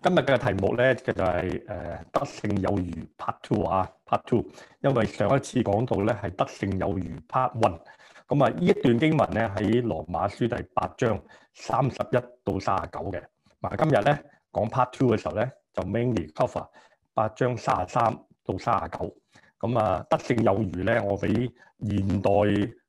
今日嘅題目咧，就係誒得勝有餘 Part Two 啊，Part Two。因為上一次講到咧係得勝有餘 Part One，咁啊呢一段經文咧喺羅馬書第八章三十一到三十九嘅。嗱、嗯，今日咧講 Part Two 嘅時候咧，就 mainly cover 八章三十三到三十九。咁啊，得勝有餘咧，我俾現代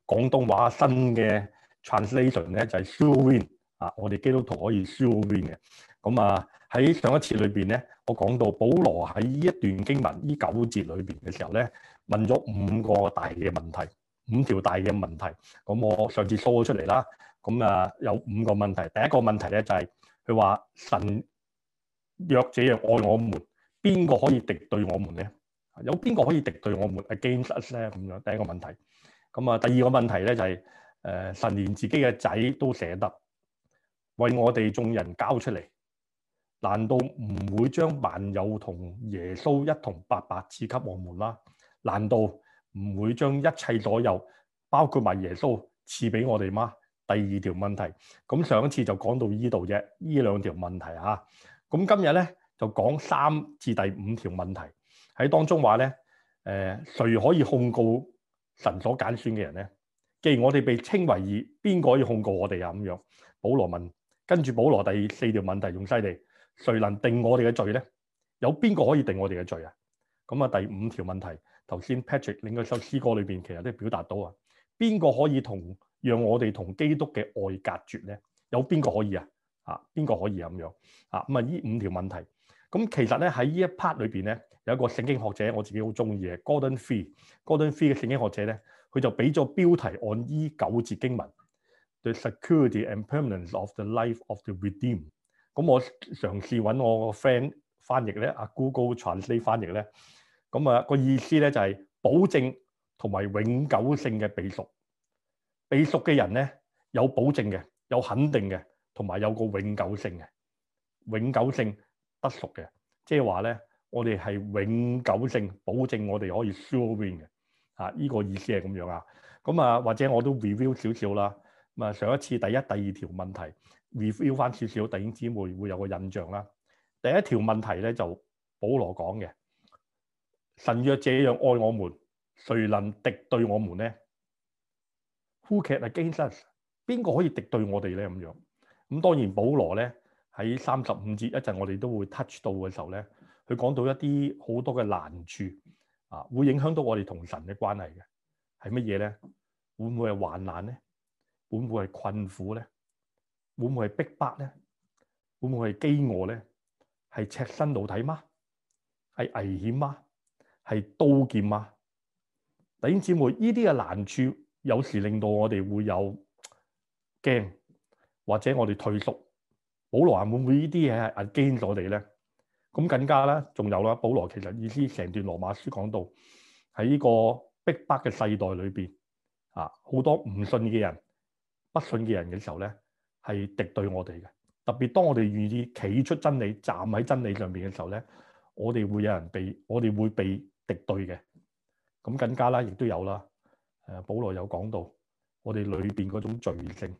廣東話新嘅 translation 咧就係、sure win 啊，我哋基督徒可以 sure win 嘅。咁啊，喺、嗯、上一次裏邊咧，我講到保羅喺呢一段經文呢九節裏邊嘅時候咧，問咗五個大嘅問題，五條大嘅問題。咁、嗯、我上次梳咗出嚟啦，咁、嗯、啊、嗯、有五個問題。第一個問題咧就係佢話神弱者愛我們，邊個可以敵對我們咧？有邊個可以敵對我們？against us 咧咁樣。第一個問題。咁、嗯、啊、嗯，第二個問題咧就係、是、誒、呃、神連自己嘅仔都捨得，為我哋眾人交出嚟。難道唔會將萬有同耶穌一同白白賜給我們嗎？難道唔會將一切所有，包括埋耶穌，賜俾我哋嗎？第二條問題，咁上一次就講到依度啫。呢兩條問題啊，咁今日咧就講三至第五條問題喺當中話咧，誒、呃、誰可以控告神所揀選嘅人咧？既然我哋被稱為義，邊個可以控告我哋啊？咁樣，保羅問，跟住保羅第四條問題仲犀利。誰能定我哋嘅罪咧？有邊個可以定我哋嘅罪啊？咁啊，第五條問題，頭先 Patrick，你個首詩歌裏邊其實都表達到啊，邊個可以同讓我哋同基督嘅愛隔絕咧？有邊個可以啊？啊，邊個可以咁樣啊？咁啊，呢五條問題，咁其實咧喺呢一 part 裏邊咧，有一個聖經學者，我自己好中意嘅 Gordon Fee，Gordon Fee 嘅聖經學者咧，佢就俾咗標題按呢九節經文，The Security and Permanence of the Life of the Redeemed。咁我嘗試揾我個 friend 翻譯咧，啊 Google Translate 翻譯咧，咁啊個意思咧就係保證同埋永久性嘅備屬，備屬嘅人咧有保證嘅，有肯定嘅，同埋有個永久性嘅，永久性不屬嘅，即係話咧，我哋係永久性保證我哋可以 sure win 嘅，啊呢個意思係咁樣啊，咁啊或者我都 review 少少啦，咁啊上一次第一、第二條問題。reveal 翻少少，弟兄姊妹會有個印象啦。第一條問題咧，就保羅講嘅：神若這樣愛我們，誰能敵對我們咧？Who can against us？邊個可以敵對我哋咧？咁樣，咁當然保羅咧喺三十五節一陣，我哋都會 touch 到嘅時候咧，佢講到一啲好多嘅難處啊，會影響到我哋同神嘅關係嘅。係乜嘢咧？會唔會係患難咧？會唔會係困苦咧？會唔會係逼迫咧？會唔會係飢餓咧？係赤身露體嗎？係危險嗎？係刀劍嗎？弟兄姊妹，呢啲嘅難處，有時令到我哋會有驚，或者我哋退縮。保羅啊，會唔會呢啲嘢係壓驚咗我哋咧？咁更加啦，仲有啦，保羅其實意思成段羅馬書講到喺呢個逼迫嘅世代裏邊啊，好多唔信嘅人、不信嘅人嘅時候咧。係敵對我哋嘅。特別當我哋願意企出真理、站喺真理上邊嘅時候咧，我哋會有人被我哋會被敵對嘅。咁更加啦，亦都有啦。誒，保羅有講到，我哋裏邊嗰種罪性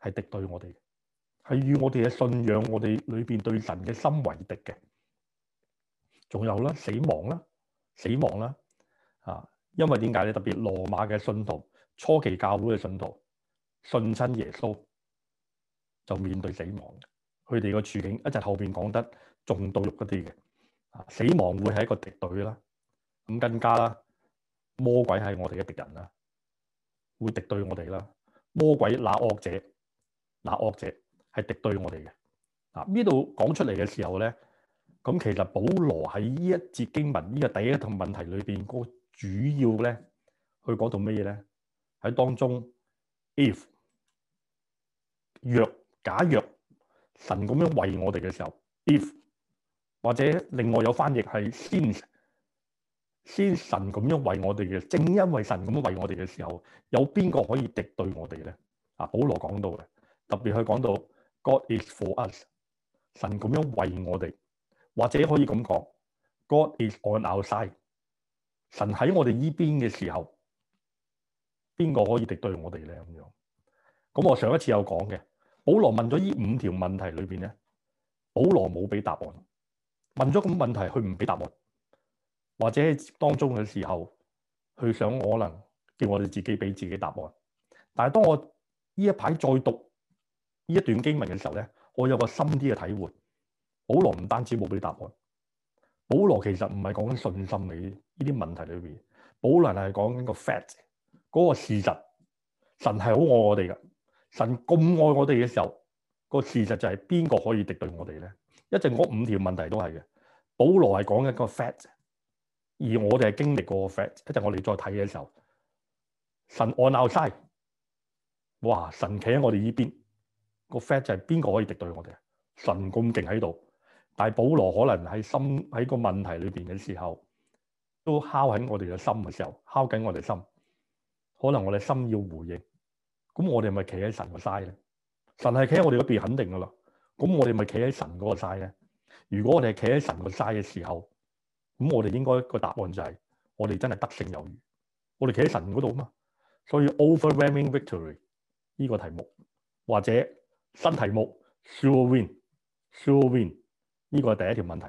係敵對我哋嘅，係與我哋嘅信仰、我哋裏邊對神嘅心為敵嘅。仲有啦，死亡啦，死亡啦。啊，因為點解咧？特別羅馬嘅信徒，初期教會嘅信徒。信親耶穌就面對死亡，佢哋個處境一陣後邊講得重到肉嗰啲嘅，死亡會係一個敵對啦，咁更加啦，魔鬼係我哋嘅敵人啦，會敵對我哋啦，魔鬼那惡者、那惡者係敵對我哋嘅。嗱，呢度講出嚟嘅時候咧，咁其實保羅喺呢一節經文呢、呢個第一個問題裏邊，嗰個主要咧去講到咩嘢咧？喺當中，if 若假若神咁樣為我哋嘅時候，if 或者另外有翻譯係 since, since 神咁樣為我哋嘅，正因為神咁樣為我哋嘅時候，有邊個可以敵對我哋咧？啊，保羅講到嘅，特別係講到 God is for us，神咁樣為我哋，或者可以咁講 God is on our side，神喺我哋依邊嘅時候，邊個可以敵對我哋咧？咁樣，咁我上一次有講嘅。保羅問咗呢五條問題裏邊咧，保羅冇俾答案。問咗咁問題，佢唔俾答案，或者當中嘅時候，佢想可能叫我哋自己俾自己答案。但係當我呢一排再讀呢一段經文嘅時候咧，我有個深啲嘅體會：保羅唔單止冇俾答案，保羅其實唔係講緊信心，你呢啲問題裏邊，保羅係講緊個 f a t 個事實，神係好愛我哋噶。神咁愛我哋嘅時候，個事實就係邊個可以敵對我哋咧？一陣嗰五條問題都係嘅。保羅係講緊個 fact，而我哋係經歷過個 fact。一陣我哋再睇嘅時候，神 on our side，哇！神企喺我哋依邊，個 fact 就係邊個可以敵對我哋啊？神咁勁喺度，但係保羅可能喺心喺個問題裏邊嘅時候，都敲緊我哋嘅心嘅時候，敲緊我哋心。可能我哋心要回應。咁我哋咪企喺神個 side 咧？神係企喺我哋嗰邊肯定噶啦。咁我哋咪企喺神嗰個 side 咧？如果我哋係企喺神個 side 嘅時候，咁我哋應該個答案就係我哋真係得勝有餘。我哋企喺神嗰度啊嘛。所以 overwhelming victory 呢個題目，或者新題目 sure win，sure win 呢、sure、win，個係第一條問題。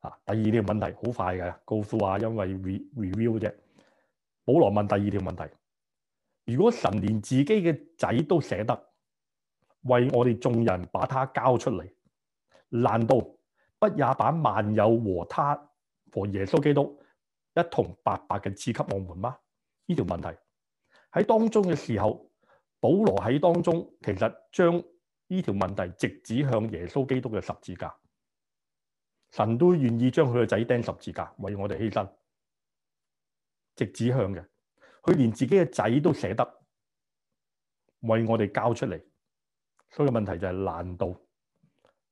啊，第二條問題好快嘅，go through 因為 review 啫。保羅問第二條問題。如果神連自己嘅仔都捨得，為我哋眾人把他交出嚟，難道不也把萬有和他和耶穌基督一同白白嘅賜給我們嗎？呢條問題喺當中嘅時候，保羅喺當中其實將呢條問題直指向耶穌基督嘅十字架。神都願意將佢嘅仔釘十字架為我哋犧牲，直指向嘅。佢連自己嘅仔都捨得，為我哋交出嚟，所以問題就係難道，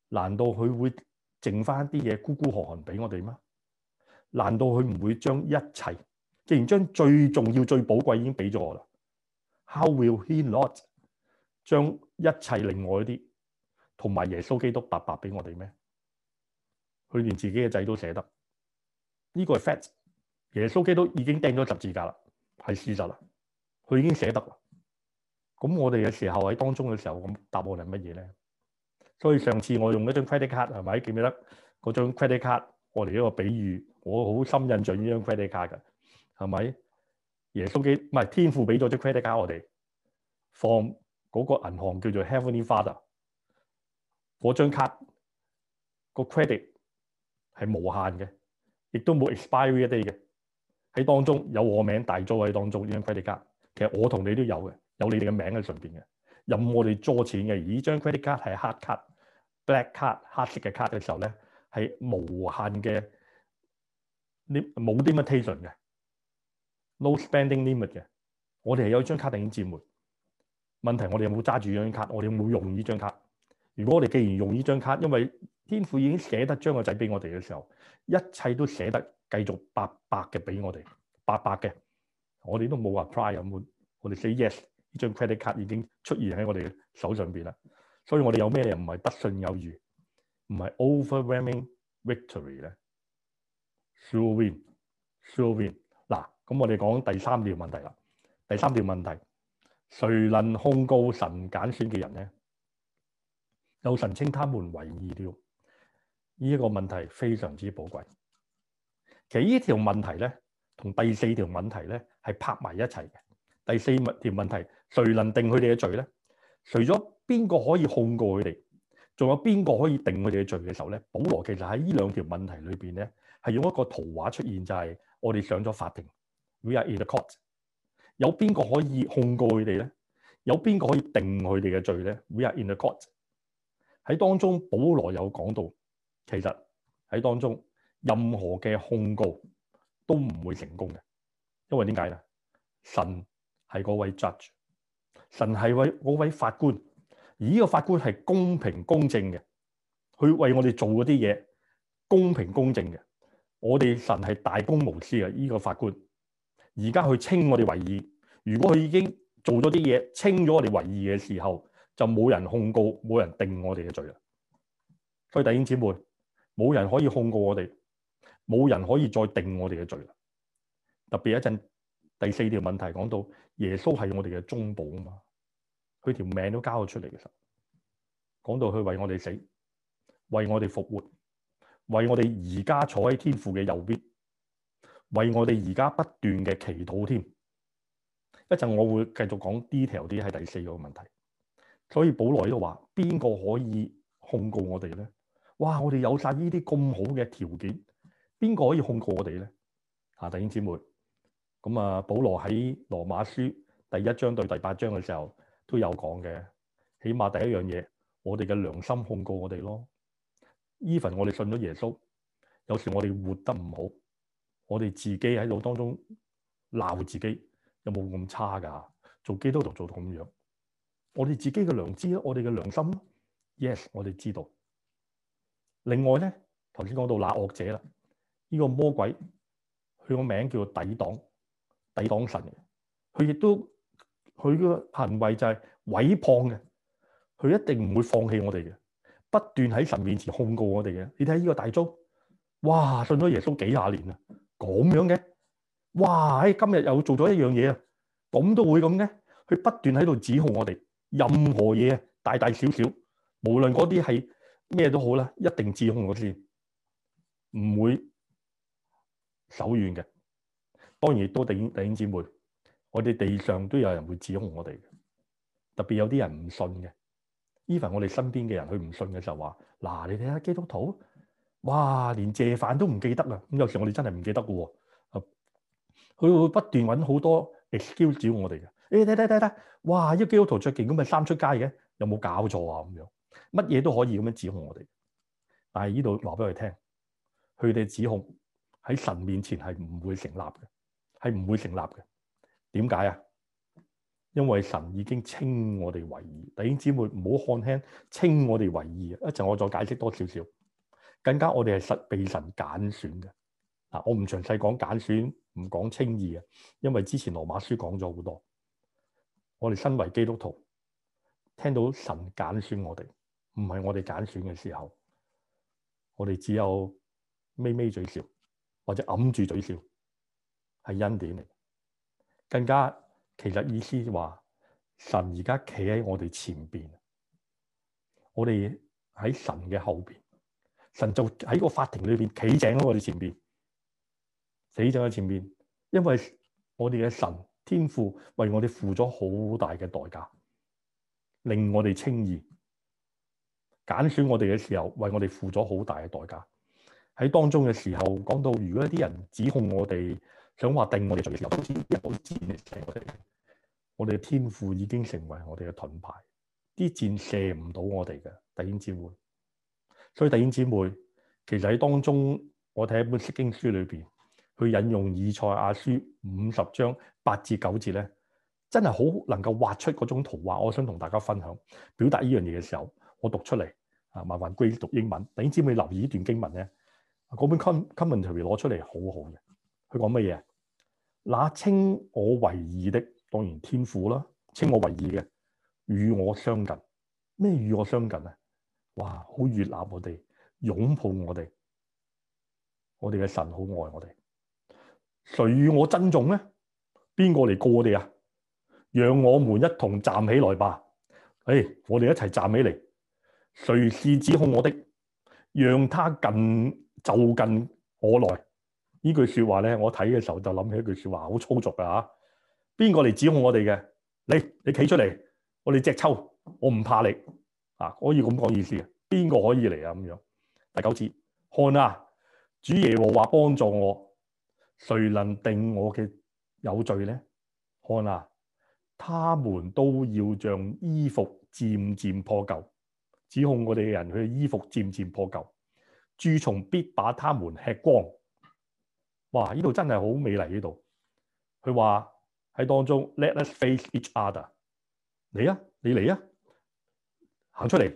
難道佢會剩翻啲嘢孤孤寒寒俾我哋咩？難道佢唔會將一切，既然將最重要、最寶貴已經俾咗我啦，How will he not 將一切另外一啲同埋耶穌基督白白俾我哋咩？佢連自己嘅仔都捨得，呢、呢個係 fact，耶穌基督已經掟咗十字架啦。係事實啦，佢已經寫得啦。咁我哋嘅時候喺當中嘅時候，咁答案係乜嘢咧？所以上次我用一張 credit card 係咪記唔記得嗰張 credit card？我哋一個比喻，我好深印象呢張 credit card 嘅係咪？耶穌基唔係天父俾咗張 credit card，我哋放嗰個銀行叫做 Heavenly Father 嗰張 card，個 credit 係無限嘅，亦都冇 expiry date 嘅。喺當中有我名大座位當中呢張 credit card，其實我同你都有嘅，有你哋嘅名喺上邊嘅。任我哋揸錢嘅，而呢張 credit card 係黑卡 （black card） 黑，黑色嘅 card 嘅時候咧，係無限嘅，呢冇 limitation 嘅，no spending limit 嘅。我哋係有張卡定占門問題，我哋有冇揸住呢張卡？我哋有冇用呢張卡？如果我哋既然用呢張卡，因為天父已經捨得將個仔俾我哋嘅時候，一切都捨得。繼續八百嘅俾我哋，八百嘅，我哋都冇話 apply 有冇，我哋 say yes，呢張 credit card 已經出現喺我哋嘅手上邊啦，所以我哋有咩嘢唔係得勝有餘，唔係 overwhelming victory 咧，sure win，sure win, through win.。嗱、嗯，咁我哋講第三條問題啦，第三條問題，誰能控告神揀選嘅人咧？有神稱他們為義了，呢、這、一個問題非常之寶貴。其實呢條問題咧，同第四條問題咧係拍埋一齊嘅。第四問條問題，誰能定佢哋嘅罪咧？除咗邊個可以控告佢哋，仲有邊個可以定佢哋嘅罪嘅時候咧？保羅其實喺呢兩條問題裏邊咧，係用一個圖畫出現，就係我哋上咗法庭，We are in the court。有邊個可以控告佢哋咧？有邊個可以定佢哋嘅罪咧？We are in the court。喺當中，保羅有講到，其實喺當中。任何嘅控告都唔會成功嘅，因為點解咧？神係嗰位 judge，神係位嗰位法官，而呢個法官係公平公正嘅，佢為我哋做嗰啲嘢公平公正嘅。我哋神係大公無私嘅。呢、這個法官而家去稱我哋為義，如果佢已經做咗啲嘢清咗我哋為義嘅時候，就冇人控告，冇人定我哋嘅罪啦。所以弟兄姊妹，冇人可以控告我哋。冇人可以再定我哋嘅罪啦。特別一陣第四條問題講到耶穌係我哋嘅中保啊嘛，佢條命都交咗出嚟嘅時候，講到佢為我哋死，為我哋復活，為我哋而家坐喺天父嘅右邊，為我哋而家不斷嘅祈禱添。一陣我會繼續講 detail 啲係第四個問題，所以保羅喺度話：邊個可以控告我哋咧？哇！我哋有晒呢啲咁好嘅條件。邊個可以控告我哋咧？啊，弟兄姊妹，咁、嗯、啊，保羅喺羅馬書第一章到第八章嘅時候都有講嘅。起碼第一樣嘢，我哋嘅良心控告我哋咯。Even 我哋信咗耶穌，有時我哋活得唔好，我哋自己喺度當中鬧自己，有冇咁差噶？做基督徒做到咁樣，我哋自己嘅良知咧，我哋嘅良心，Yes，我哋知道。另外咧，頭先講到鬧惡者啦。呢個魔鬼，佢個名叫做抵擋、抵擋神。佢亦都佢嗰個行為就係毀謗嘅。佢一定唔會放棄我哋嘅，不斷喺神面前控告我哋嘅。你睇呢個大鐘，哇，信咗耶穌幾廿年啦，咁樣嘅，哇，喺今日又做咗一樣嘢啊，咁都會咁嘅，佢不斷喺度指控我哋，任何嘢大大小小，無論嗰啲係咩都好啦，一定指控我先，唔會手軟嘅，當然亦都弟兄姊妹，我哋地上都有人會指控我哋嘅，特別有啲人唔信嘅，even 我哋身邊嘅人佢唔信嘅就話：嗱，你睇下基督徒，哇，連謝飯都唔記得，記得啊！咁有時我哋真係唔記得嘅喎，佢會不斷揾好多 excuse 指控我哋嘅，誒，等等等等，哇，一個基督徒著件咁嘅衫出街嘅，有冇搞錯啊？咁樣，乜嘢都可以咁樣指控我哋。但係呢度話俾佢聽，佢哋指控。喺神面前係唔會成立嘅，係唔會成立嘅。點解啊？因為神已經稱我哋為義。弟兄姊妹唔好看輕稱我哋為義啊！一陣我再解釋多少少。更加我哋係實被神揀選嘅。嗱，我唔詳細講揀選，唔講稱義嘅，因為之前羅馬書講咗好多。我哋身為基督徒，聽到神揀選我哋，唔係我哋揀選嘅時候，我哋只有咪咪嘴笑。或者揞住嘴笑，係恩典嚟。更加，其實意思話，神而家企喺我哋前邊，我哋喺神嘅後邊。神就喺個法庭裏邊企正喺我哋前邊，死正喺前邊。因為我哋嘅神天父為我哋付咗好大嘅代價，令我哋稱義，揀選我哋嘅時候，為我哋付咗好大嘅代價。喺當中嘅時候講到，如果一啲人指控我哋想話定我哋罪嘅時候，我哋嘅天賦已經成為我哋嘅盾牌，啲箭射唔到我哋嘅弟兄姊妹。所以弟兄姊妹其實喺當中，我睇一本《聖經書裏面》裏邊去引用以亞《以賽亞書》五十章八至九節咧，真係好能夠畫出嗰種圖畫。我想同大家分享表達呢樣嘢嘅時候，我讀出嚟啊，麻煩歸讀英文。弟兄姊妹留意呢段經文咧。嗰本《Commentary》攞出嚟，好好嘅。佢講乜嘢？那稱我為義的，當然天父啦。稱我為義嘅，與我相近。咩與我相近啊？哇！好悅納我哋，擁抱我哋。我哋嘅神好愛我哋。誰與我珍重咧？邊個嚟告我哋啊？讓我們一同站起來吧。誒、哎，我哋一齊站起嚟。誰是指控我的？讓他近……」就近我來呢句説話咧，我睇嘅時候就諗起一句説話，好粗俗嘅嚇。邊個嚟指控我哋嘅？你你企出嚟，我哋隻抽，我唔怕你啊！可以咁講意思嘅，邊個可以嚟啊？咁樣第九次，看啊，主耶和華幫助我，誰能定我嘅有罪咧？看啊，他們都要像衣服漸漸破舊，指控我哋嘅人，佢嘅衣服漸漸破舊。蛀蟲必把他們吃光。哇！呢度真係好美麗。呢度佢話喺當中，Let us face each other。你啊，你嚟啊，行出嚟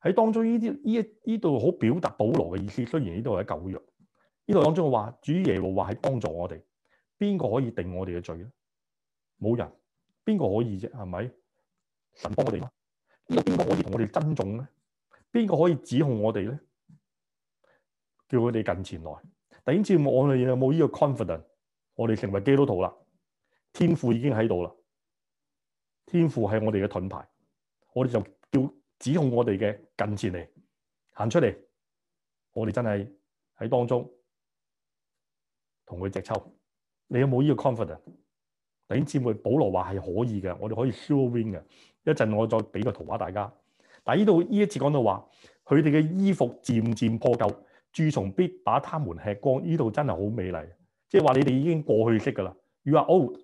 喺當中。呢啲呢呢度好表達保羅嘅意思。雖然呢度係舊約，呢度當中話主耶和華喺幫助我哋。邊個可以定我哋嘅罪咧？冇人，邊個可以啫？係咪神幫我哋？呢度邊個可以同我哋爭種咧？邊個可以指控我哋咧？叫佢哋近前來。弟兄姊妹，我哋有冇呢個 confident？我哋成為基督徒啦，天父已經喺度啦。天父係我哋嘅盾牌，我哋就叫指控我哋嘅近前嚟行出嚟。我哋真係喺當中同佢直抽。你有冇呢個 confident？弟兄姊妹，保羅話係可以嘅，我哋可以 show win 嘅。一陣我再俾個圖畫大家。但係呢度呢一次講到話，佢哋嘅衣服漸漸破舊。蛀蟲必把他們吃光，呢度真係好美麗。即係話你哋已經過去式噶啦。You are old，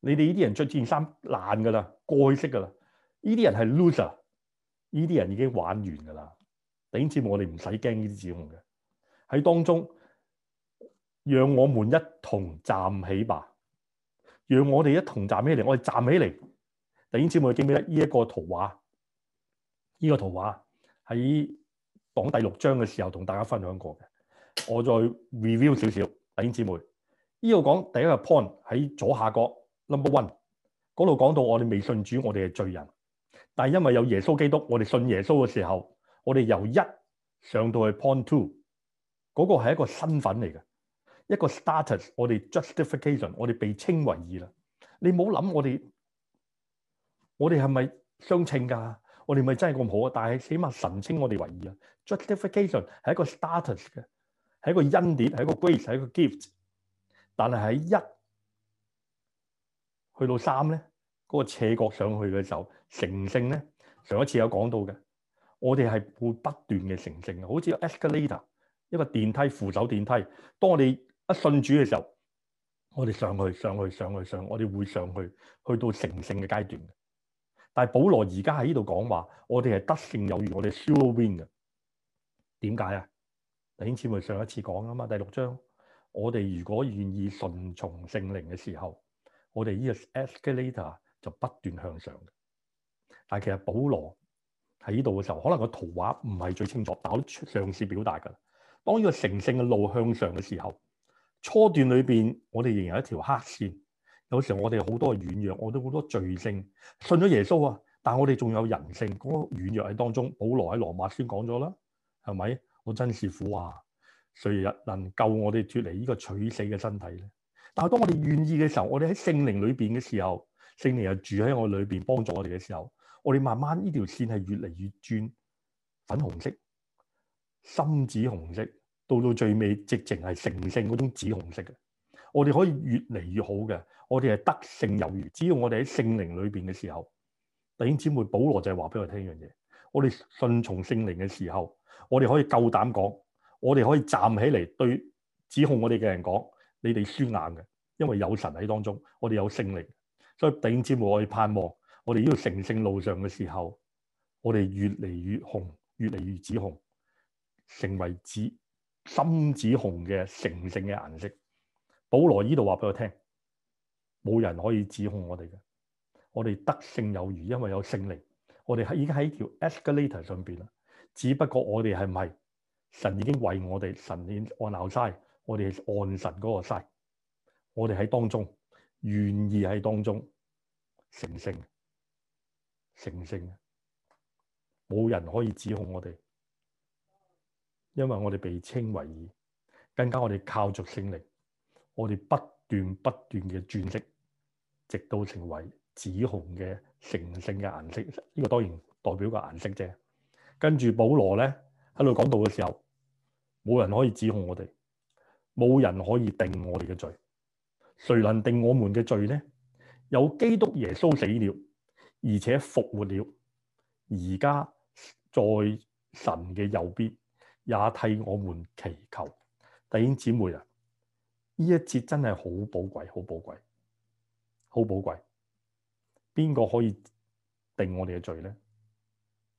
你哋呢啲人着件衫爛噶啦，過去式噶啦。呢啲人係 loser，呢啲人已經玩完噶啦。頂尖我哋唔使驚呢啲指控嘅。喺當中，讓我們一同站起吧。讓我哋一同站起嚟，我哋站起嚟。頂尖之母點樣咧？呢一個圖畫，呢、這個圖畫喺。講第六章嘅時候同大家分享過嘅，我再 review 少少，弟兄姊妹，呢度講第一個 point 喺左下角 number one 嗰度講到我哋未信主，我哋係罪人，但係因為有耶穌基督，我哋信耶穌嘅時候，我哋由一上到去 point two，嗰個係一個身份嚟嘅，一個 status，我哋 justification，我哋被稱為義啦。你冇諗我哋，我哋係咪相稱㗎？我哋咪真係咁好啊！但係起碼神稱我哋為義啊，justification 係一個 status 嘅，係一個恩典，係一個 grace，係一個 gift。但係喺一去到三咧，嗰個斜角上去嘅時候，成聖咧，上一次有講到嘅，我哋係會不斷嘅成聖啊，好似 escalator 一個電梯扶手電梯。當我哋一信主嘅時候，我哋上去上去上去上去，我哋會上去去到成聖嘅階段。但係保羅而家喺呢度講話，我哋係得勝有餘，我哋 sure win 嘅。點解啊？弟兄姊妹上一次講啊嘛，第六章，我哋如果願意順從聖靈嘅時候，我哋呢個 escalator 就不斷向上嘅。但係其實保羅喺呢度嘅時候，可能個圖畫唔係最清楚，但我都嘗試表達噶，當呢個成聖嘅路向上嘅時候，初段裏邊我哋仍然有一條黑線。有時候我哋好多軟弱，我哋好多罪性。信咗耶穌啊，但係我哋仲有人性嗰個軟弱喺當中。保羅喺羅馬先講咗啦，係咪？我真是苦啊！誰人能救我哋脫離呢個取死嘅身體咧？但係當我哋願意嘅時候，我哋喺聖靈裏邊嘅時候，聖靈又住喺我裏邊幫助我哋嘅時候，我哋慢慢呢條線係越嚟越轉粉紅色、深紫紅色，到到最尾直情係成聖嗰種紫紅色嘅。我哋可以越嚟越好嘅。我哋係得勝有餘，只要我哋喺聖靈裏邊嘅時候，弟兄姊妹，保羅就係話俾我聽一樣嘢，我哋順從聖靈嘅時候，我哋可以夠膽講，我哋可以站起嚟對指控我哋嘅人講，你哋輸硬嘅，因為有神喺當中，我哋有勝利。所以弟兄姊妹，我哋盼望我哋呢度成聖路上嘅時候，我哋越嚟越紅，越嚟越紫紅，成為紫深紫紅嘅成聖嘅顏色。保羅依度話俾我聽。冇人可以指控我哋嘅，我哋得勝有餘，因為有聖靈。我哋係已經喺條 escalator 上邊啦。只不過我哋係唔係神已經為我哋，神已經按牛篩，我哋按神嗰個篩。我哋喺當中，願意喺當中成聖，成聖。冇人可以指控我哋，因為我哋被稱為義，更加我哋靠着聖靈。我哋不。斷不斷嘅轉色，直到成為紫紅嘅成性嘅顏色。呢、這個當然代表個顏色啫。跟住保羅咧喺度講到嘅時候，冇人可以指控我哋，冇人可以定我哋嘅罪。誰能定我們嘅罪咧？有基督耶穌死了，而且復活了，而家在，在神嘅右邊，也替我們祈求。弟兄姊妹啊！呢一節真係好寶貴，好寶貴，好寶貴。邊個可以定我哋嘅罪呢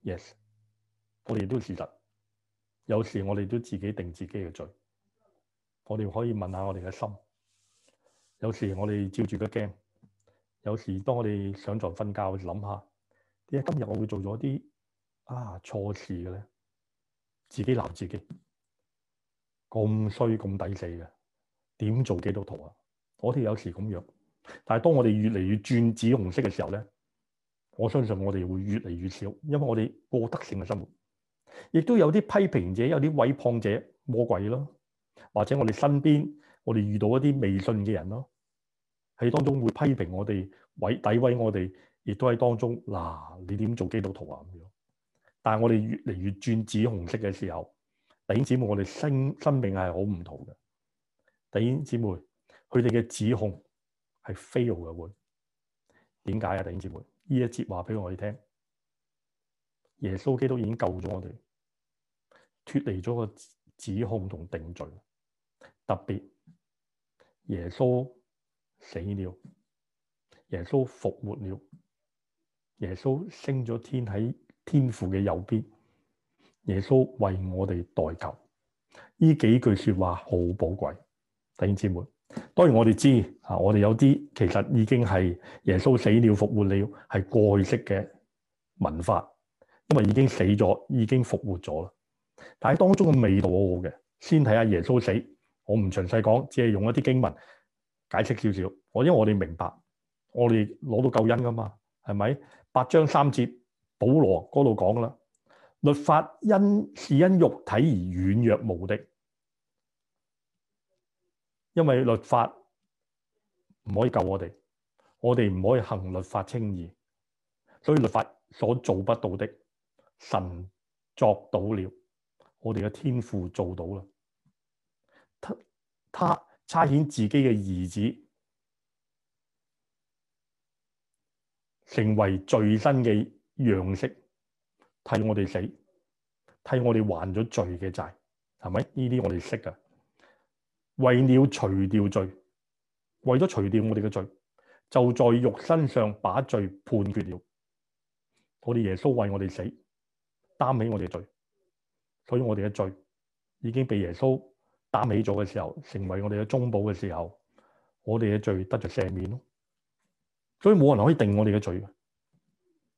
？Yes，我哋都事實。有時我哋都自己定自己嘅罪。我哋可以問下我哋嘅心，有時我哋照住個鏡，有時當我哋上床瞓覺諗下，點解今日我會做咗啲啊錯事嘅呢？自己鬧自己，咁衰咁抵死嘅。點做基督徒啊？我哋有時咁樣，但係當我哋越嚟越轉紫紅色嘅時候咧，我相信我哋會越嚟越少，因為我哋過得性嘅生活。亦都有啲批評者，有啲毀謗者，魔鬼咯，或者我哋身邊我哋遇到一啲未信嘅人咯，喺當中會批評我哋，毀詆毀我哋，亦都喺當中嗱、啊，你點做基督徒啊？咁樣，但係我哋越嚟越轉紫紅色嘅時候，弟兄姊妹，我哋生生命係好唔同嘅。.弟兄姐妹，佢哋嘅指控係非號嘅會，點解呀？弟兄姐妹，呢一節話俾我哋聽，耶穌基督已經救咗我哋，脫離咗個指控同定罪。特別耶穌死了，耶穌復活了，耶穌升咗天喺天父嘅右邊，耶穌為我哋代求。呢幾句說話好寶貴。弟兄姊妹，當然我哋知啊，我哋有啲其實已經係耶穌死了復活了，係過去式嘅文化，因為已經死咗，已經復活咗啦。但係當中嘅味道好好嘅，先睇下耶穌死，我唔詳細講，只係用一啲經文解釋少少。我因為我哋明白，我哋攞到救恩噶嘛，係咪？八章三節，保羅嗰度講啦，律法因是因肉體而軟弱無的。因為律法唔可以救我哋，我哋唔可以行律法稱義，所以律法所做不到的，神作到了，我哋嘅天父做到啦。他他差遣自己嘅兒子成為罪身嘅樣式，替我哋死，替我哋還咗罪嘅債，係咪？呢啲我哋識㗎。為了除掉罪，為咗除掉我哋嘅罪，就在肉身上把罪判決了。我哋耶穌為我哋死，擔起我哋罪，所以我哋嘅罪已經被耶穌擔起咗嘅時候，成為我哋嘅中保嘅時候，我哋嘅罪得着赦免。所以冇人可以定我哋嘅罪，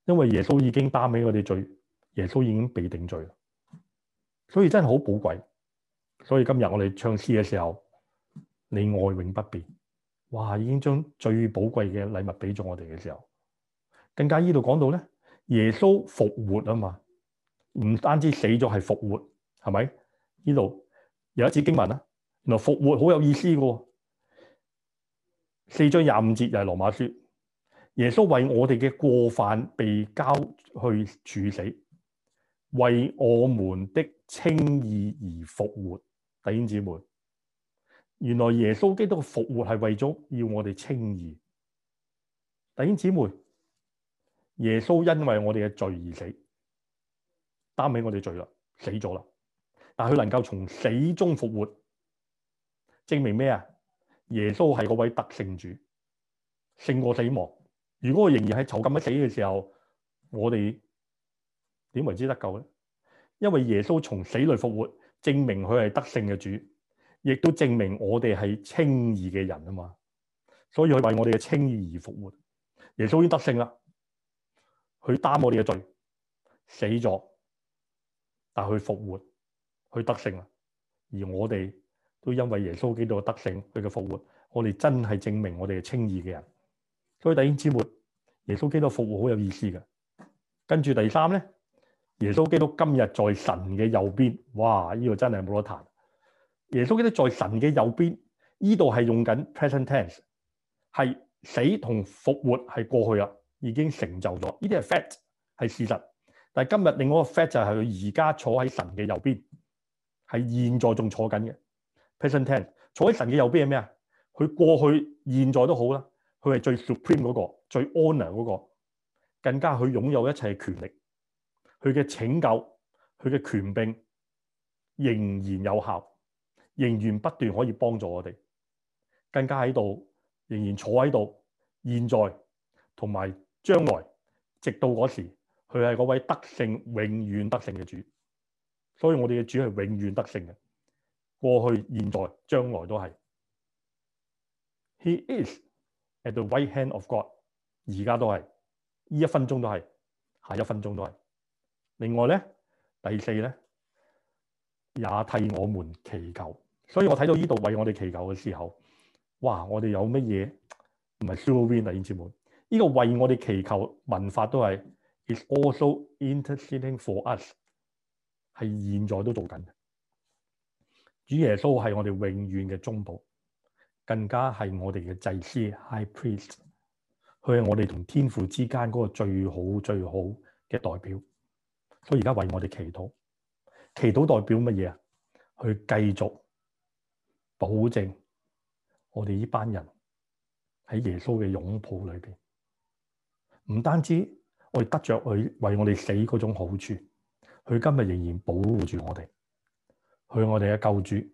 因為耶穌已經擔起我哋罪，耶穌已經被定罪啦。所以真係好寶貴。所以今日我哋唱詩嘅時候，你愛永不變，哇！已經將最寶貴嘅禮物俾咗我哋嘅時候，更加呢度講到咧，耶穌復活啊嘛，唔單止死咗係復活，係咪？呢度有一次經文啊，原來復活好有意思嘅，四章廿五節又係羅馬書，耶穌為我哋嘅過犯被交去處死，為我們的稱義而復活，弟兄姊妹。原來耶穌基督嘅復活係為咗要我哋稱義。弟兄姊妹，耶穌因為我哋嘅罪而死，擔起我哋罪啦，死咗啦。但佢能夠從死中復活，證明咩啊？耶穌係嗰位得勝主，勝過死亡。如果仍然喺囚禁一死嘅時候，我哋點為之得救咧？因為耶穌從死裏復活，證明佢係得勝嘅主。亦都證明我哋係稱義嘅人啊嘛，所以佢為我哋嘅稱義而復活。耶穌已經得勝啦，佢擔我哋嘅罪，死咗，但係佢復活，佢得勝啦。而我哋都因為耶穌基督嘅得勝佢嘅復活，我哋真係證明我哋係稱義嘅人。所以弟兄姊妹，耶穌基督復活好有意思嘅。跟住第三咧，耶穌基督今日在神嘅右邊，哇！呢個真係冇得彈。耶穌基督在神嘅右邊，呢度係用緊 present tense，係死同復活係過去啦，已經成就咗。呢啲係 fact 係事實，但係今日另外個 fact 就係佢而家坐喺神嘅右邊，係現在仲坐緊嘅 present tense 坐。坐喺神嘅右邊係咩啊？佢過去、現在都好啦，佢係最 supreme 嗰個、最 honour 嗰個，更加佢擁有一切嘅權力。佢嘅拯救、佢嘅權柄仍然有效。仍然不斷可以幫助我哋，更加喺度，仍然坐喺度，現在同埋將來，直到嗰時，佢係嗰位得勝、永遠得勝嘅主。所以我哋嘅主係永遠得勝嘅，過去、現在、將來都係。He is at the right hand of God，而家都係，呢一分鐘都係，下一分鐘都係。另外呢，第四呢，也替我們祈求。所以我睇到呢度為我哋祈求嘅時候，哇！我哋有乜嘢唔係 showing 啊？因此門呢個為我哋祈求文化都係 It's also interesting for us，係現在都在做緊。主耶穌係我哋永遠嘅中保，更加係我哋嘅祭司 high priest，佢係我哋同天父之間嗰個最好最好嘅代表。所以而家為我哋祈禱，祈禱代表乜嘢啊？去繼續。保證我哋呢班人喺耶穌嘅擁抱裏面，唔單止我哋得着佢為我哋死嗰種好處，佢今日仍然保護住我哋，佢係我哋嘅救主，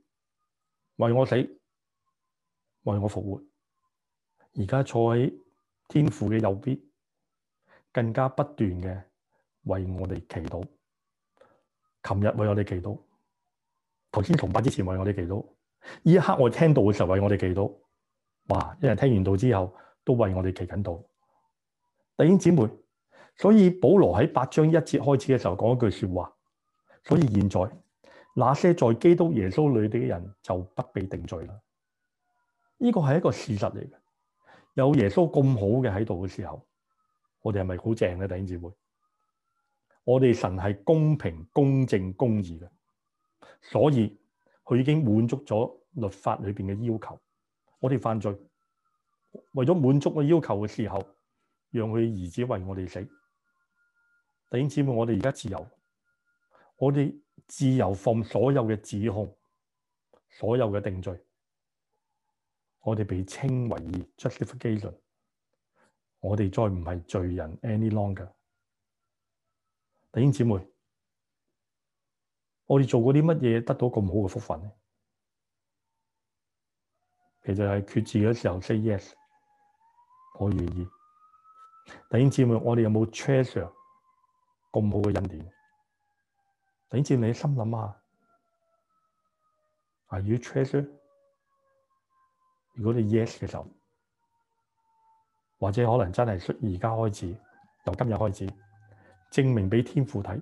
為我死，為我復活，而家坐喺天父嘅右邊，更加不斷嘅為我哋祈禱。琴日為我哋祈禱，頭先崇拜之前為我哋祈禱。呢一刻我聽到嘅時候為我哋祈禱，哇！一人聽完道之後都為我哋祈緊禱，弟兄姊妹。所以保羅喺八章一節開始嘅時候講一句說話，所以現在那些在基督耶穌裏嘅人就不被定罪啦。呢個係一個事實嚟嘅，有耶穌咁好嘅喺度嘅時候，我哋係咪好正咧，啊？弟兄姊妹，我哋神係公平、公正、公義嘅，所以。佢已經滿足咗律法裏邊嘅要求，我哋犯罪為咗滿足個要求嘅時候，讓佢兒子為我哋死。弟兄姊妹，我哋而家自由，我哋自由放所有嘅指控、所有嘅定罪，我哋被稱為 justification，我哋再唔係罪人 any longer。弟兄姊妹。我哋做過啲乜嘢得到咁好嘅福分咧？其實係決志嘅時候 say yes，我願意。弟兄姊妹，我哋有冇 treasure 咁好嘅恩典？弟兄姊妹，你心諗下。Are you treasure？如果你 yes 嘅時候，或者可能真係而家開始，由今日開始，證明俾天父睇。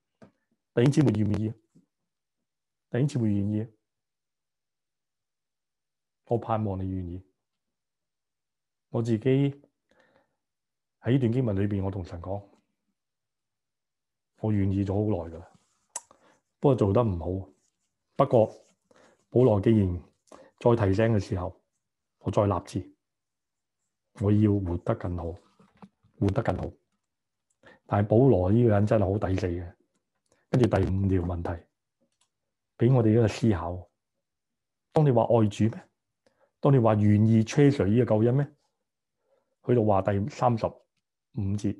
你會願意，你會願意，我盼望你願意。我自己喺呢段經文裏面，我同神講，我願意咗好耐噶啦，不過做得唔好。不過保羅既然再提醒嘅時候，我再立志，我要活得更好，活得更好。但係保羅呢個人真係好抵死嘅。跟住第五條問題，俾我哋一個思考。當你話愛主咩？當你話願意追隨呢個救恩咩？去到話第三十五節，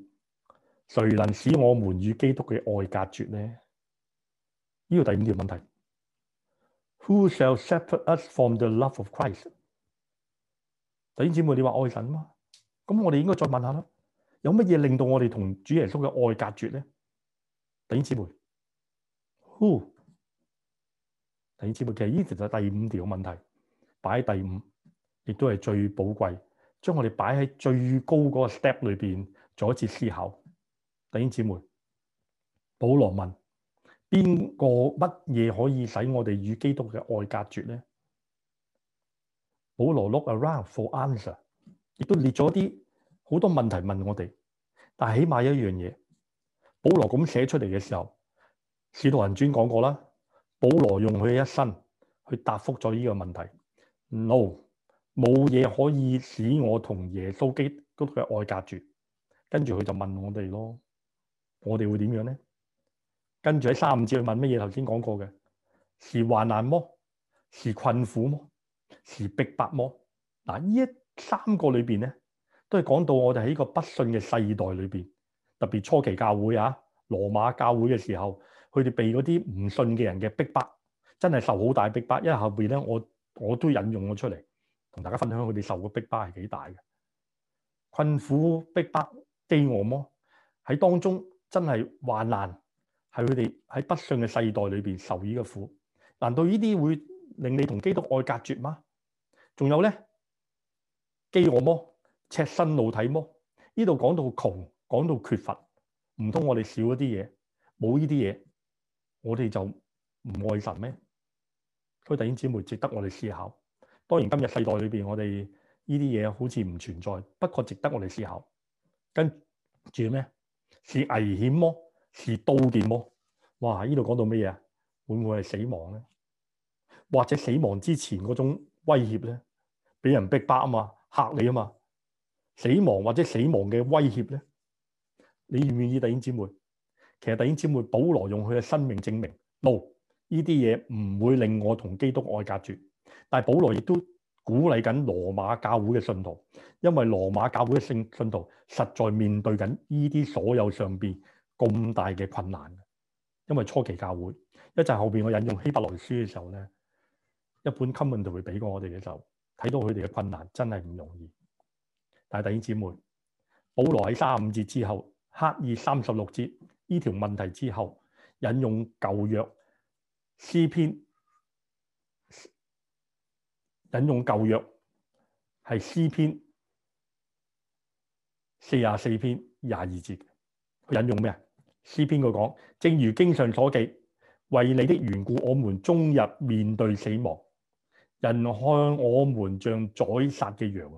誰能使我們與基督嘅愛隔絕呢？呢個第五條問題。Who shall separate us from the love of Christ？弟兄姊妹，你話愛神嗎？咁我哋應該再問下啦，有乜嘢令到我哋同主耶穌嘅愛隔絕呢？弟兄姊妹。哦，弟兄姊妹，其實呢，其實第五條問題擺喺第五，亦都係最寶貴，將我哋擺喺最高嗰個 step 裏邊，做一次思考。弟兄姊妹，保羅問邊個乜嘢可以使我哋與基督嘅愛隔絕咧？保羅 look around for answer，亦都列咗啲好多問題問我哋，但係起碼有一樣嘢，保羅咁寫出嚟嘅時候。使徒行傳講過啦，保羅用佢一生去答覆咗呢個問題。No，冇嘢可以使我同耶穌基督嘅愛隔住。跟住佢就問我哋咯，我哋會點樣咧？跟住喺三五節去問乜嘢？頭先講過嘅，是患難麼？是困苦麼？是逼迫麼？嗱，呢一三個裏邊咧，都係講到我哋喺呢個不信嘅世代裏邊，特別初期教會啊，羅馬教會嘅時候。佢哋被嗰啲唔信嘅人嘅逼迫，真係受好大逼迫。因為後邊咧，我我都引用咗出嚟，同大家分享佢哋受嘅逼迫係幾大嘅困苦逼迫，饑餓魔喺當中，真係患難係佢哋喺不信嘅世代裏邊受呢個苦。難道呢啲會令你同基督愛隔絕嗎？仲有咧，饑餓魔、赤身露體魔。呢度講到窮，講到缺乏，唔通我哋少一啲嘢，冇呢啲嘢？我哋就唔愛神咩？佢弟兄姊妹值得我哋思考。當然今日世代裏邊，我哋呢啲嘢好似唔存在，不過值得我哋思考。跟住咩？是危險麼？是刀劍麼？哇！呢度講到咩嘢？會唔會係死亡咧？或者死亡之前嗰種威脅咧？俾人逼爆啊嘛，吓你啊嘛，死亡或者死亡嘅威脅咧？你願唔願意，弟兄姊妹？其實弟兄姐妹，保羅用佢嘅生命證明，路呢啲嘢唔會令我同基督愛隔絕。但係保羅亦都鼓勵緊羅馬教會嘅信徒，因為羅馬教會嘅信信徒實在面對緊呢啲所有上邊咁大嘅困難。因為初期教會，一陣後邊我引用希伯來書嘅時候咧，一本 comment 就會俾過我哋嘅時候，睇到佢哋嘅困難真係唔容易。但係弟兄姐妹，保羅喺三十五節之後，刻意三十六節。呢條問題之後，引用舊約詩篇，引用舊約係詩篇四十四篇二十二節，引用咩啊？詩篇佢講：正如經上所記，為你的緣故，我們終日面對死亡，人看我們像宰殺嘅羊。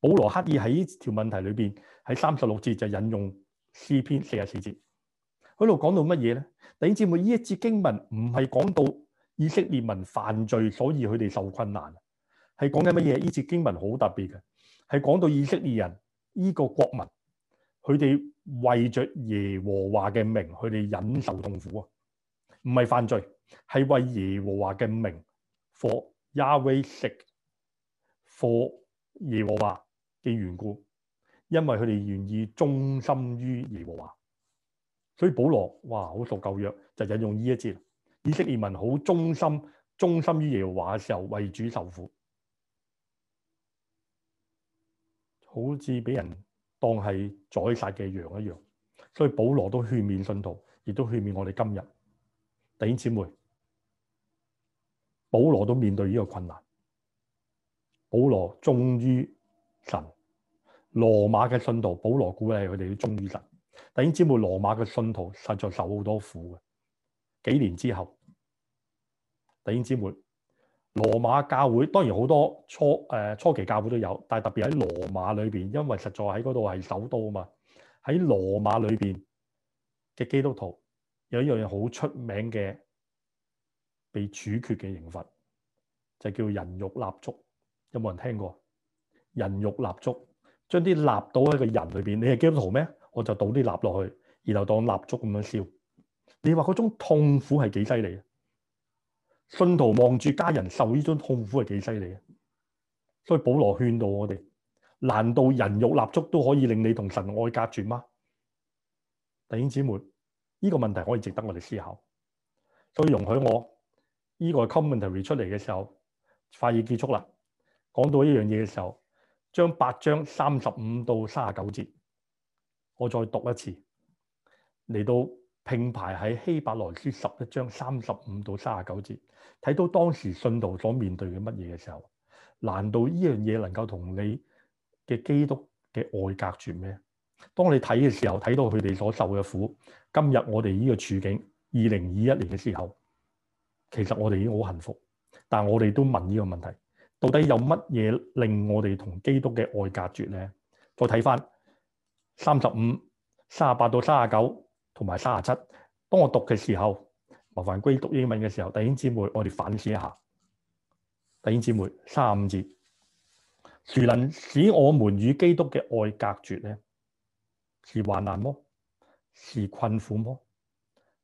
保羅刻意喺呢條問題裏邊喺三十六節就引用。詩篇四十四節，喺度講到乜嘢咧？弟兄姊妹，呢一節經文唔係講到以色列民犯罪，所以佢哋受困難，係講緊乜嘢？呢節經文好特別嘅，係講到以色列人呢個國民，佢哋為着耶和華嘅名，佢哋忍受痛苦啊，唔係犯罪，係為耶和華嘅名，for Yahweh sake，for 耶和華嘅緣故。因為佢哋願意忠心於耶和華，所以保羅哇好熟舊約，就引用呢一節，以色列民好忠心，忠心於耶和華嘅時候為主受苦，好似俾人當係宰殺嘅羊一樣。所以保羅都勸勉信徒，亦都勸勉我哋今日弟兄姊妹，保羅都面對呢個困難，保羅忠於神。羅馬嘅信徒，保羅估係佢哋都中意神。弟兄姊妹，羅馬嘅信徒實在受好多苦嘅。幾年之後，弟兄姊妹，羅馬教會當然好多初誒、呃、初期教會都有，但係特別喺羅馬裏邊，因為實在喺嗰度係首都啊嘛。喺羅馬裏邊嘅基督徒有一樣嘢好出名嘅，被處決嘅刑罰就叫人肉蠟燭。有冇人聽過？人肉蠟燭。將啲蠟倒喺個人裏邊，你係基督徒咩？我就倒啲蠟落去，然後當蠟燭咁樣燒。你話嗰種痛苦係幾犀利？信徒望住家人受呢種痛苦係幾犀利啊！所以保羅勸導我哋：難道人肉蠟燭都可以令你同神愛隔絕嗎？弟兄姊妹，呢個問題可以值得我哋思考。所以容許我呢個 commentary 出嚟嘅時候，快要結束啦。講到一樣嘢嘅時候。將八章三十五到三十九節，我再讀一次，嚟到拼排喺希伯來書十一章三十五到三十九節，睇到當時信徒所面對嘅乜嘢嘅時候，難道依樣嘢能夠同你嘅基督嘅外隔住咩？當你睇嘅時候，睇到佢哋所受嘅苦，今日我哋呢個處境二零二一年嘅時候，其實我哋已經好幸福，但係我哋都問呢個問題。到底有乜嘢令我哋同基督嘅愛隔絕呢？再睇返三十五、三十八到三十九同埋三十七。當我讀嘅時候，麻煩歸讀英文嘅時候，弟兄姊妹，我哋反思一下。弟兄姊妹，三五字，誰能使我們與基督嘅愛隔絕呢？是患難么？是困苦麼？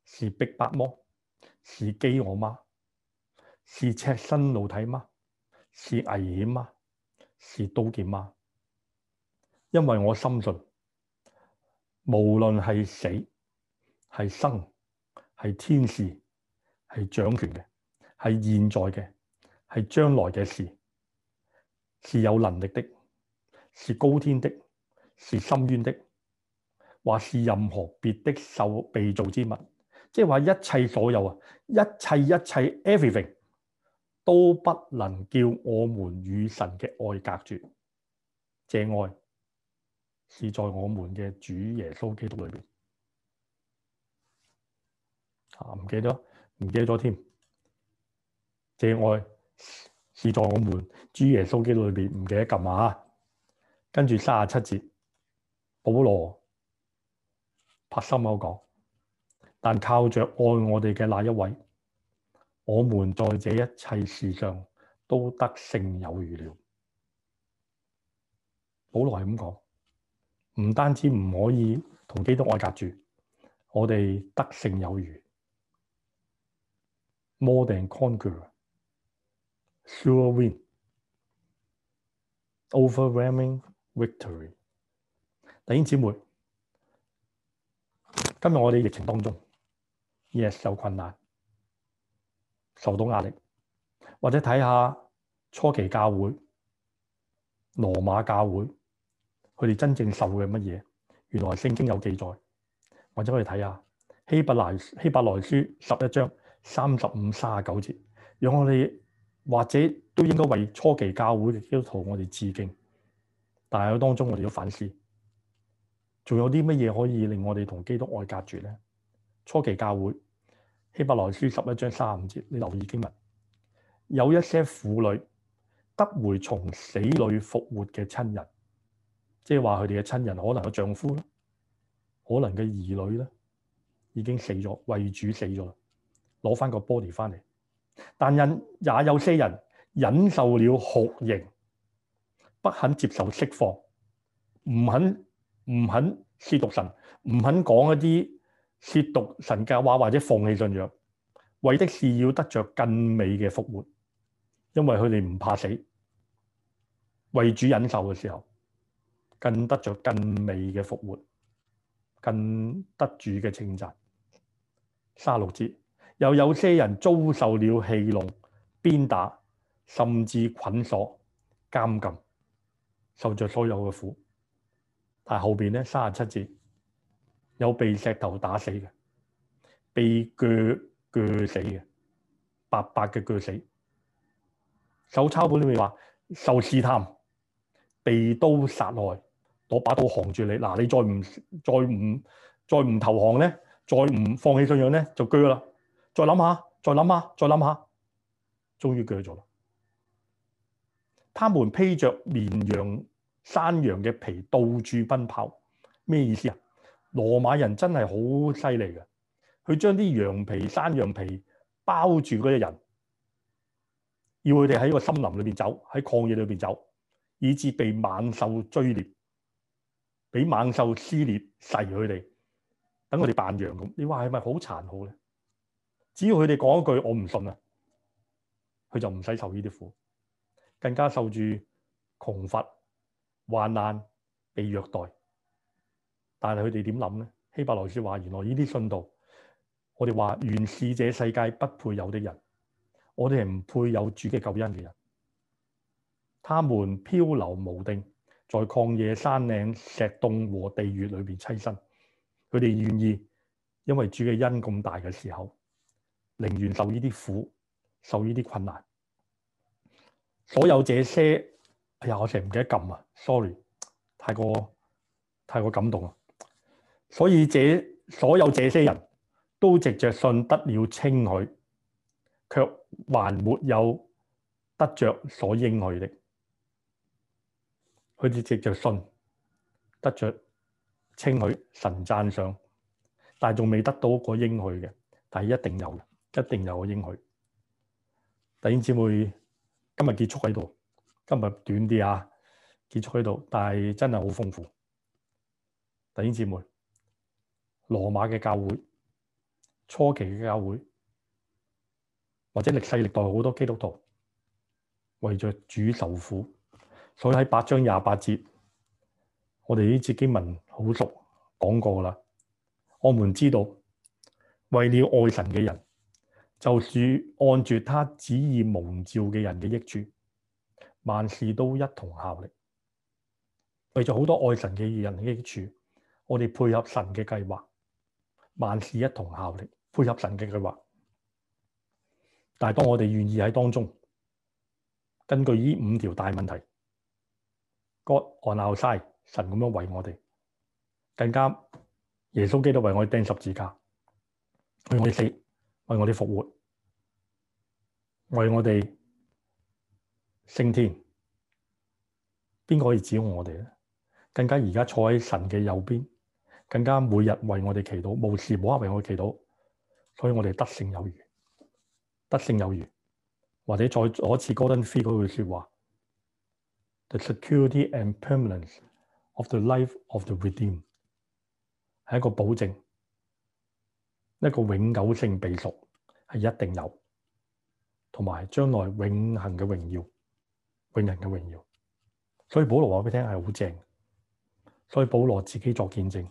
是逼迫麼？是飢餓嗎？是赤身露體嗎？是危險嗎？是刀劍嗎？因為我深信，無論係死、係生、係天使、係掌權嘅、係現在嘅、係將來嘅事，是有能力的，是高天的，是深淵的，或是任何別的受被造之物，即係話一切所有啊，一切一切 everything。都不能叫我們與神嘅愛隔絕。這愛是在我們嘅主耶穌基督裏邊。嚇、啊，唔記得，唔記得咗添。這愛是在我們主耶穌基督裏邊。唔記得撳下。跟住三十七節，保羅拍心口講，但靠着愛我哋嘅那一位。我們在這一切事上都得勝有餘了。保羅係咁講，唔單止唔可以同基督愛隔絕，我哋得勝有餘，more than conqueror，sure win，overwhelming victory。弟兄姊妹，今日我哋疫情當中，也、yes, 受困難。受到壓力，或者睇下初期教會、羅馬教會，佢哋真正受嘅乜嘢？原來聖經有記載，或者可以睇下希伯來希伯來書十一章三十五三十九節。如我哋或者都應該為初期教會嘅基督徒我哋致敬，但係當中我哋都反思，仲有啲乜嘢可以令我哋同基督愛隔絕呢？初期教會。希伯來書十一章三五節，你留意經文，有一些婦女得回從死裏復活嘅親人，即係話佢哋嘅親人，可能嘅丈夫，可能嘅兒女已經死咗，為主死咗啦，攞翻個 body 翻嚟。但也有些人忍受了酷刑，不肯接受釋放，唔肯唔肯褻瀆神，唔肯講一啲。褻瀆神教話或者放棄信仰，為的是要得着更美嘅復活，因為佢哋唔怕死，為主忍受嘅時候，更得着更美嘅復活，更得主嘅稱讚。卅六節又有些人遭受了戲弄、鞭打，甚至捆鎖、監禁，受着所有嘅苦，但係後面呢？卅七節。有被石頭打死嘅，被鋸鋸死嘅，白白嘅鋸死。手抄本裏面話受試探，被刀殺害，攞把刀扛住你嗱、啊，你再唔再唔再唔投降呢，再唔放棄信仰呢，就鋸啦。再諗下，再諗下，再諗下，終於鋸咗啦。他們披着綿羊、山羊嘅皮，到處奔跑，咩意思啊？羅馬人真係好犀利嘅，佢將啲羊皮、山羊皮包住嗰隻人，要佢哋喺個森林裏邊走，喺曠野裏邊走，以至被猛獸追獵，俾猛獸撕裂、噬佢哋，等佢哋扮羊咁。你話係咪好殘酷咧？只要佢哋講一句我唔信啦，佢就唔使受呢啲苦，更加受住窮乏、患難、被虐待。但係佢哋點諗呢？希伯來書話：原來呢啲信徒，我哋話原是這世界不配有的人，我哋係唔配有主嘅救恩嘅人。他們漂流無定，在曠野山嶺、石洞和地獄裏邊棲身。佢哋願意因為主嘅恩咁大嘅時候，寧願受呢啲苦、受呢啲困難。所有這些，哎呀！我成日唔記得撳啊，sorry，太過太過感動啦～所以這所有這些人，都藉着信得了稱許，卻還沒有得着所應許的。佢哋藉着信得着稱許，神讚賞，但係仲未得到嗰應許嘅。但係一定有，一定有嗰應許。弟兄姊妹，今日結束喺度，今日短啲啊，結束喺度，但係真係好豐富。弟兄姊妹。羅馬嘅教會，初期嘅教會，或者歷世歷代好多基督徒為著主受苦，所以喺八章廿八節，我哋呢節經文好熟講過啦。我們知道，為了愛神嘅人，就是按住他旨意蒙召嘅人嘅益處，萬事都一同效力，為咗好多愛神嘅人嘅益處，我哋配合神嘅計劃。萬事一同效力，配合神嘅計劃。但係當我哋願意喺當中，根據呢五條大問題，God on outside 神咁樣為我哋，更加耶穌基督為我哋釘十字架，為我哋死，為我哋復活，為我哋升天。邊個可以指控我哋咧？更加而家坐喺神嘅右邊。更加每日為我哋祈禱，無時無刻為我哋祈禱，所以我哋得勝有餘，得勝有餘，或者再可似 Gordon Fee 嘅說話，The security and permanence of the life of the redeemed 係一個保證，一個永久性被贖，係一定有，同埋將來永恒嘅榮耀，永人嘅榮耀，所以保羅話畀你聽係好正，所以保羅自己作見證。